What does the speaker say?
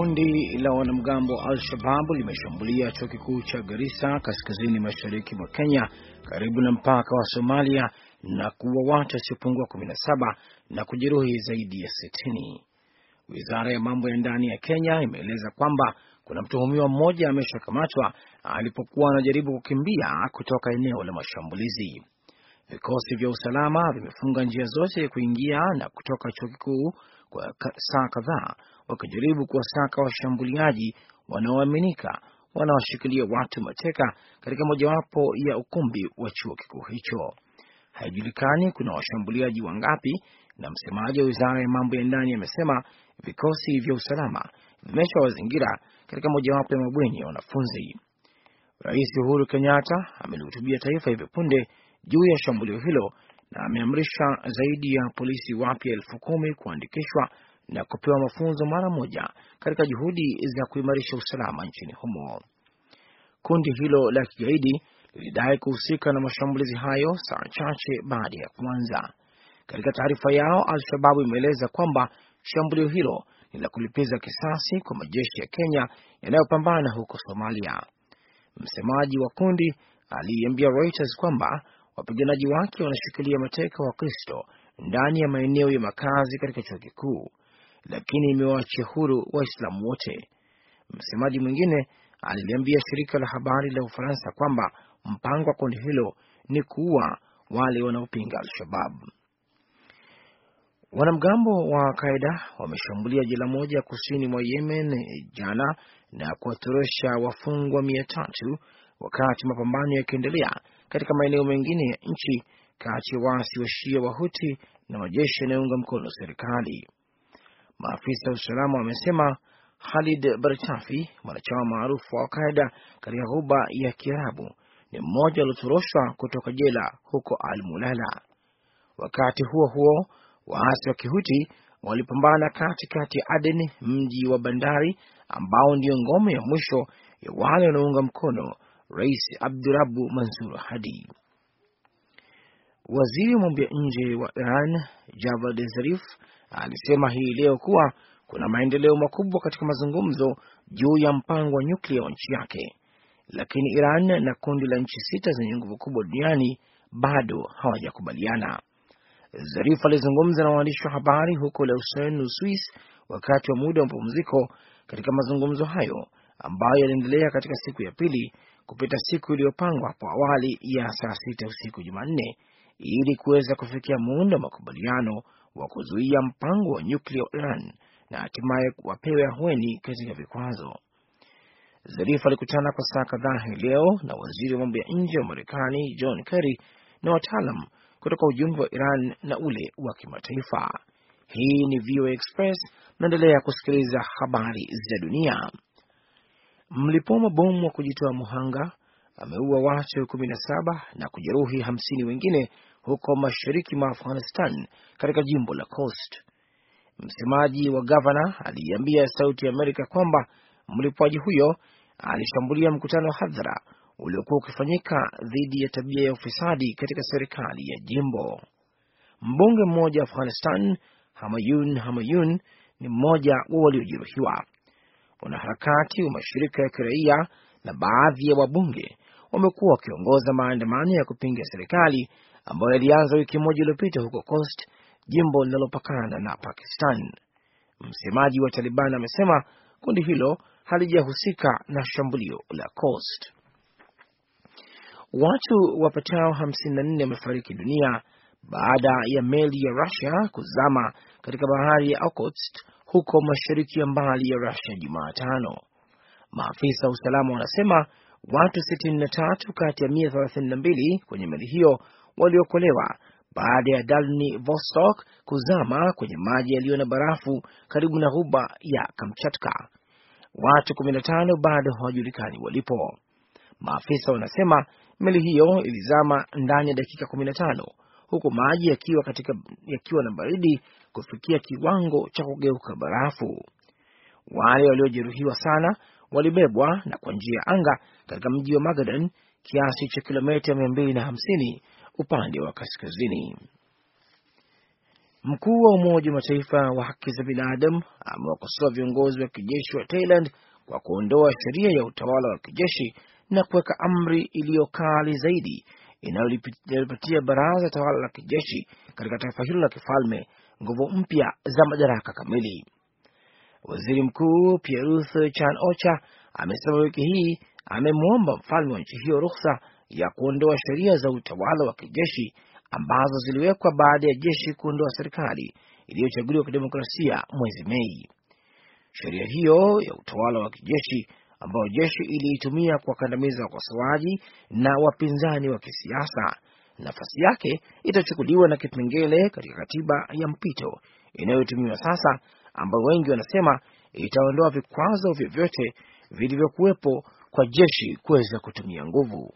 Kundi la wanamgambo Al-Shababu limeshambulia chuo kikuu cha Garissa kaskazini mashariki mwa Kenya karibu na mpaka wa Somalia na kuua watu wasiopungua 17 na kujeruhi zaidi ya 60. Wizara ya mambo ya ndani ya Kenya imeeleza kwamba kuna mtuhumiwa mmoja ameshakamatwa alipokuwa anajaribu kukimbia kutoka eneo la mashambulizi. Vikosi vya usalama vimefunga njia zote kuingia na kutoka chuo kikuu kwa saa kadhaa wakijaribu kuwasaka washambuliaji wanaoaminika wanaoshikilia watu mateka katika mojawapo ya ukumbi wa chuo kikuu hicho. Haijulikani kuna washambuliaji wangapi, na msemaji wa wizara ya mambo ya ndani amesema vikosi vya usalama vimesha wazingira katika mojawapo ya mabweni ya wanafunzi. Rais Uhuru Kenyatta amelihutubia taifa hivi punde juu ya shambulio hilo na ameamrisha zaidi ya polisi wapya elfu kumi kuandikishwa na kupewa mafunzo mara moja katika juhudi za kuimarisha usalama nchini humo. Kundi hilo la kigaidi lilidai kuhusika na mashambulizi hayo saa chache baada ya kuanza. Katika taarifa yao, Al-Shababu imeeleza kwamba shambulio hilo ni la kulipiza kisasi kwa majeshi ya Kenya yanayopambana huko Somalia. Msemaji wa kundi aliiambia Reuters kwamba Wapiganaji wake wanashikilia mateka wa Kristo ndani ya maeneo ya makazi katika chuo kikuu, lakini imewaachia huru Waislamu wote. Msemaji mwingine aliliambia shirika la habari la Ufaransa kwamba mpango wa kundi hilo ni kuua wale wanaopinga Al-Shabab. Wanamgambo wa Qaida wameshambulia jela moja kusini mwa Yemen jana na kuwatorosha wafungwa mia tatu wakati mapambano yakiendelea katika maeneo mengine ya nchi kati ya waasi wa Shia wa Huti na majeshi yanayounga mkono serikali. Maafisa wa usalama wamesema Khalid Barchafi, mwanachama maarufu wa Alqaida katika Ghuba ya Kiarabu, ni mmoja aliotoroshwa kutoka jela huko Al Mulala. Wakati huo huo, waasi wa Kihuti walipambana katikati ya Aden, mji wa bandari ambao ndiyo ngome ya mwisho ya wale wanaounga mkono Rais Abdurabu Mansur Hadi. Waziri wa mambo ya nje wa Iran Javad Zarif alisema hii leo kuwa kuna maendeleo makubwa katika mazungumzo juu ya mpango wa nyuklia wa nchi yake, lakini Iran na kundi la nchi sita zenye nguvu kubwa duniani bado hawajakubaliana. Zarif alizungumza na waandishi wa habari huko Lausanne, Uswis, wakati wa muda wa mapumziko katika mazungumzo hayo ambayo yaliendelea katika siku ya pili kupita siku iliyopangwa hapo awali ya saa sita usiku Jumanne ili kuweza kufikia muundo wa makubaliano wa kuzuia mpango wa nyuklia wa Iran na hatimaye wapewe ahueni katika vikwazo. Zarif alikutana kwa saa kadhaa hii leo na waziri wa mambo ya nje wa Marekani John Kerry na wataalam kutoka ujumbe wa Iran na ule wa kimataifa. Hii ni VOA Express, naendelea kusikiliza habari za dunia mlipoma bomu wa kujitoa muhanga ameua watu 17 na kujeruhi hamsini wengine huko mashariki mwa Afghanistan katika jimbo la coast Msemaji wa gavana aliiambia Sauti ya Amerika kwamba mlipuaji huyo alishambulia mkutano wa hadhara uliokuwa ukifanyika dhidi ya tabia ya ufisadi katika serikali ya jimbo. Mbunge mmoja wa Afghanistan Hamayun Hamayun ni mmoja wa waliojeruhiwa wanaharakati wa mashirika ya kiraia na baadhi ya wabunge wamekuwa wakiongoza maandamano ya kupinga serikali ambayo yalianza wiki moja iliyopita huko Khost, jimbo linalopakana na Pakistan. Msemaji wa Taliban amesema kundi hilo halijahusika na shambulio la Khost. Watu wapatao 54 wamefariki dunia baada ya meli ya Russia kuzama katika bahari ya Okhotsk huko mashariki ya mbali ya Rusia Jumatano. Maafisa wa usalama wanasema watu 63 kati ya 132 kwenye meli hiyo waliokolewa baada ya Dalni Vostok kuzama kwenye maji yaliyo na barafu karibu na ghuba ya Kamchatka. Watu 15 bado hawajulikani walipo. Maafisa wanasema meli hiyo ilizama ndani ya dakika 15 huku maji yakiwa katika yakiwa na baridi kufikia kiwango cha kugeuka barafu. Wale waliojeruhiwa sana walibebwa na kwa njia ya anga katika mji wa Magadan kiasi cha kilomita hamsini upande wa kaskazini. Mkuu wa Umoja wa Mataifa wa haki za binadamu amewakosoa viongozi wa kijeshi wa Thailand kwa kuondoa sheria ya utawala wa kijeshi na kuweka amri iliyo kali zaidi inayolipatia baraza tawala la kijeshi katika taifa hilo la kifalme nguvu mpya za madaraka kamili. Waziri Mkuu Pieruth Chan Ocha amesema wiki hii amemwomba mfalme wa nchi hiyo ruhusa ya kuondoa sheria za utawala wa kijeshi ambazo ziliwekwa baada ya jeshi kuondoa serikali iliyochaguliwa kidemokrasia mwezi Mei. Sheria hiyo ya utawala wa kijeshi ambayo jeshi iliitumia kuwakandamiza wakosoaji na wapinzani wa kisiasa. Nafasi yake itachukuliwa na kipengele katika katiba ya mpito inayotumiwa sasa, ambayo wengi wanasema itaondoa vikwazo vyovyote vilivyokuwepo kwa jeshi kuweza kutumia nguvu.